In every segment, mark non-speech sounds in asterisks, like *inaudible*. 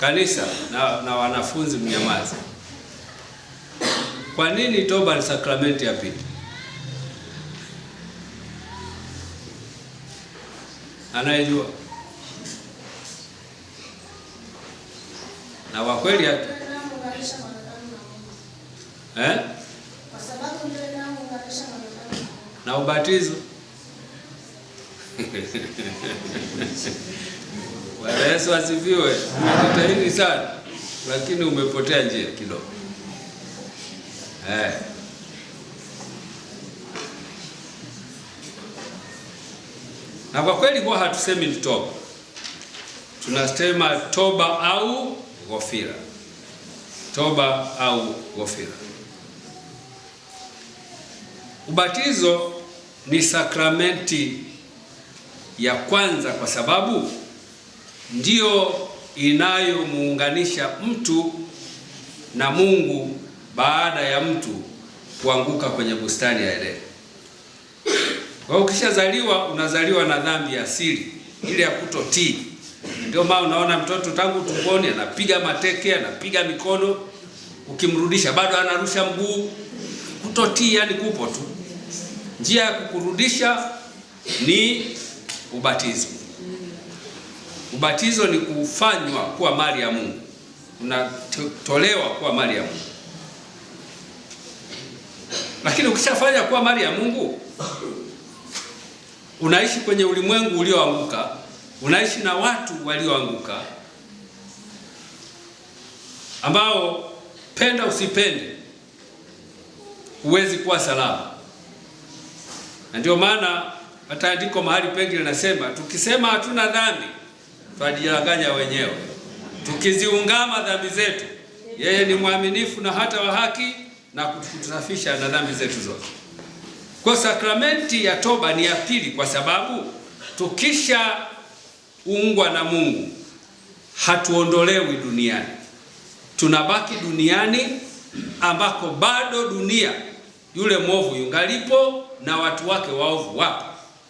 Kanisa na, na wanafunzi mnyamaze. Kwa nini toba ni sakramenti ya pili? Anayejua na kwa kweli hata eh? na ubatizo *laughs* Bwana Yesu asifiwe. Umejitahidi sana lakini umepotea njia kidogo eh. Na kwa kweli kwa hatusemi ni toba, tunasema toba au ghofira, toba au ghofira. Ubatizo ni sakramenti ya kwanza kwa sababu ndiyo inayomuunganisha mtu na Mungu baada ya mtu kuanguka kwenye bustani ya Edeni. Kwa ukishazaliwa unazaliwa na dhambi ya asili ile ya kutotii. Ndio maana unaona mtoto tangu tumboni anapiga mateke, anapiga mikono, ukimrudisha bado anarusha mguu. Kutotii yani kupo tu. Njia ya kukurudisha ni ubatizo. Ubatizo ni kufanywa kuwa mali ya Mungu, unatolewa kuwa mali ya Mungu. Lakini ukishafanya kuwa mali ya Mungu, unaishi kwenye ulimwengu ulioanguka, unaishi na watu walioanguka ambao penda usipende huwezi kuwa salama, na ndio maana hata andiko mahali pengi linasema tukisema hatuna dhambi twajidanganya wenyewe. Tukiziungama dhambi zetu, yeye ni mwaminifu na hata wa haki na kutusafisha na dhambi zetu zote. Kwa sakramenti ya toba ni ya pili, kwa sababu tukisha ungwa na Mungu hatuondolewi duniani, tunabaki duniani ambako bado dunia yule mwovu yungalipo na watu wake waovu wapo.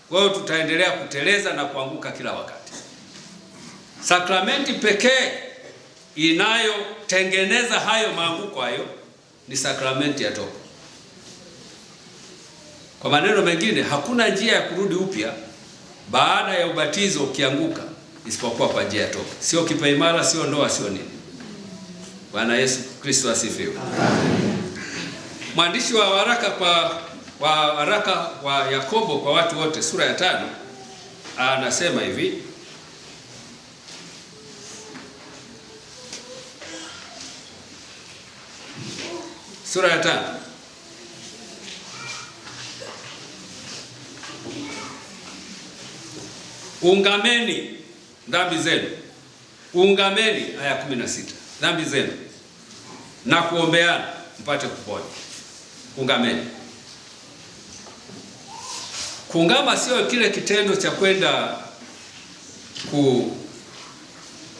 Kwa hiyo tutaendelea kuteleza na kuanguka kila wakati. Sakramenti pekee inayotengeneza hayo maanguko hayo ni sakramenti ya toba. Kwa maneno mengine, hakuna njia ya kurudi upya baada ya ubatizo ukianguka isipokuwa kwa njia ya toba, sio kipaimara, sio ndoa, sio nini. Bwana Yesu Kristo asifiwe. Mwandishi wa waraka kwa wa waraka wa Yakobo kwa watu wote sura ya tano anasema hivi sura ya tano ungameni dhambi zenu, ungameni. Aya kumi na sita dhambi zenu na kuombeana mpate kupona. Ungameni. Kuungama sio kile kitendo cha kwenda ku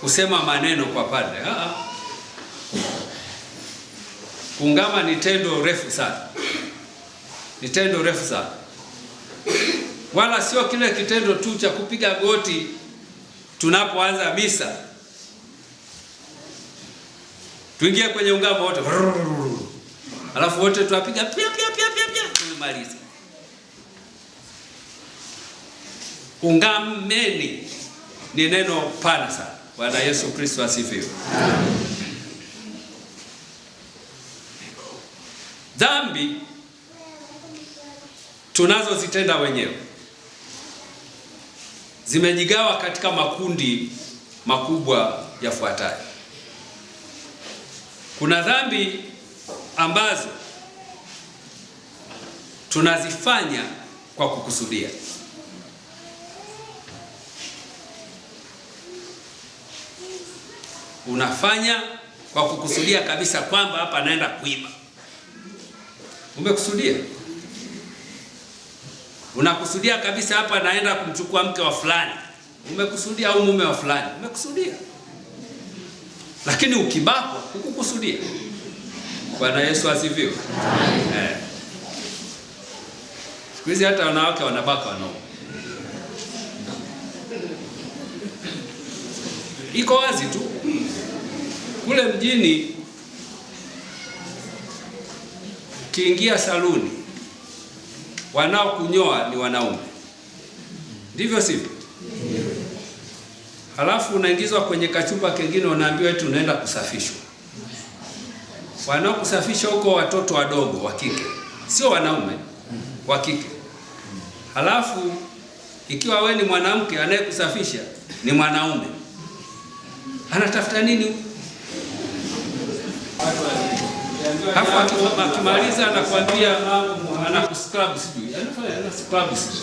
kusema maneno kwa pande ah, ah kungama ni tendo refu sana, ni tendo refu sana, wala sio kile kitendo tu cha kupiga goti tunapoanza misa. Tuingie kwenye ungamo wote, alafu wote tuapiga pia pia pia pia pia, tumemaliza. Ungameni ni neno pana sana. Bwana Yesu Kristo asifiwe. dhambi tunazozitenda wenyewe zimejigawa katika makundi makubwa yafuatayo. Kuna dhambi ambazo tunazifanya kwa kukusudia. Unafanya kwa kukusudia kabisa kwamba hapa naenda kuiba Umekusudia, unakusudia kabisa, hapa naenda kumchukua mke wa fulani, umekusudia, au mume wa fulani, umekusudia. Lakini ukibakwa hukukusudia. Bwana Yesu asifiwe. Eh. Siku hizi hata wanawake wanabaka wanaume. Iko wazi tu kule mjini Ukiingia saluni, wanaokunyoa ni wanaume, ndivyo sivyo? Halafu unaingizwa kwenye kachumba kingine, unaambiwa eti unaenda kusafishwa. Wanaokusafisha huko watoto wadogo wa kike, sio wanaume, wa kike. Halafu ikiwa we ni mwanamke, anayekusafisha ni mwanaume, anatafuta nini? Alafu akimaliza anakuambia ah, anakuscrub sijui. Anafanya sijui.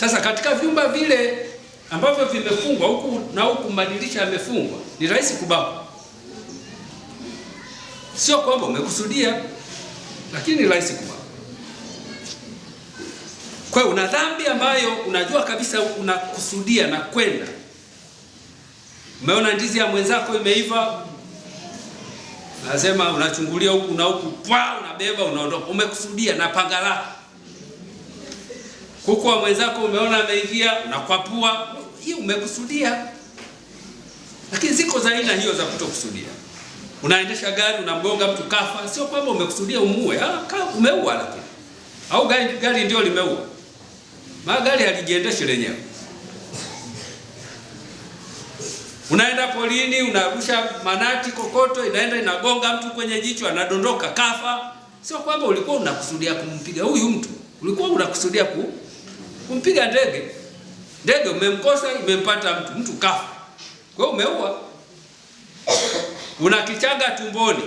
Sasa katika vyumba vile ambavyo vimefungwa huku na huku, madirisha yamefungwa, ni rahisi kubakwa. Sio kwamba umekusudia, lakini ni rahisi kubakwa. Kwa hiyo una dhambi ambayo unajua kabisa unakusudia na kwenda, umeona ndizi ya mwenzako imeiva Anasema unachungulia huku na huku, pwa unabeba unaondoka, umekusudia na panga lako. Kuku wa mwenzako umeona ameingia, unakwapua, Hii umekusudia. Lakini ziko za aina hiyo za kutokusudia. Unaendesha gari unamgonga mtu kafa, sio kwamba umekusudia umuue, umeua lakini. Au gari, gari ndio limeua, magari halijiendeshi lenyewe. Unaenda polini, unarusha manati kokoto, inaenda inagonga mtu kwenye jicho, anadondoka kafa. Sio kwamba ulikuwa unakusudia kumpiga huyu mtu, ulikuwa unakusudia ku, kumpiga ndege. Ndege umemkosa, imempata mtu, mtu kafa, kwa hiyo umeua. Una kichanga tumboni,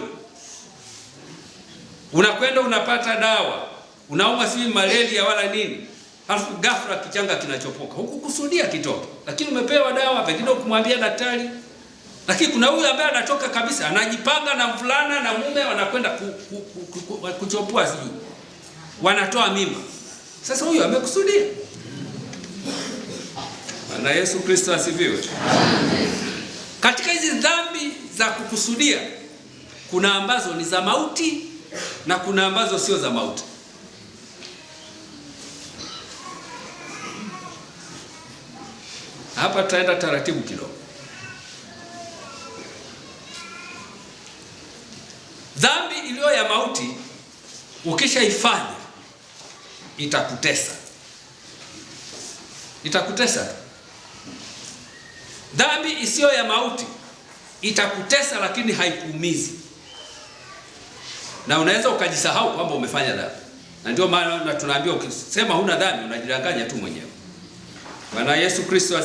unakwenda unapata dawa, unauma si malaria wala nini halafu ghafla kichanga kinachopoka, hukukusudia kitoke, lakini umepewa dawa, pengine ukumwambia daktari. Lakini kuna huyu ambaye anatoka kabisa, anajipanga na mvulana na mume, wanakwenda ku, ku, ku, ku, kuchopua, sijui wanatoa mimba. Sasa huyu amekusudia. Bwana Yesu Kristo asifiwe. Katika hizi dhambi za kukusudia kuna ambazo ni za mauti na kuna ambazo sio za mauti. Hapa tutaenda taratibu kidogo. Dhambi iliyo ya mauti ukishaifanya itakutesa, itakutesa. Dhambi isiyo ya mauti itakutesa, lakini haikuumizi na unaweza ukajisahau kwamba umefanya dhambi, na ndio maana tunaambiwa ukisema huna dhambi unajidanganya tu mwenyewe. Bwana Yesu Kristo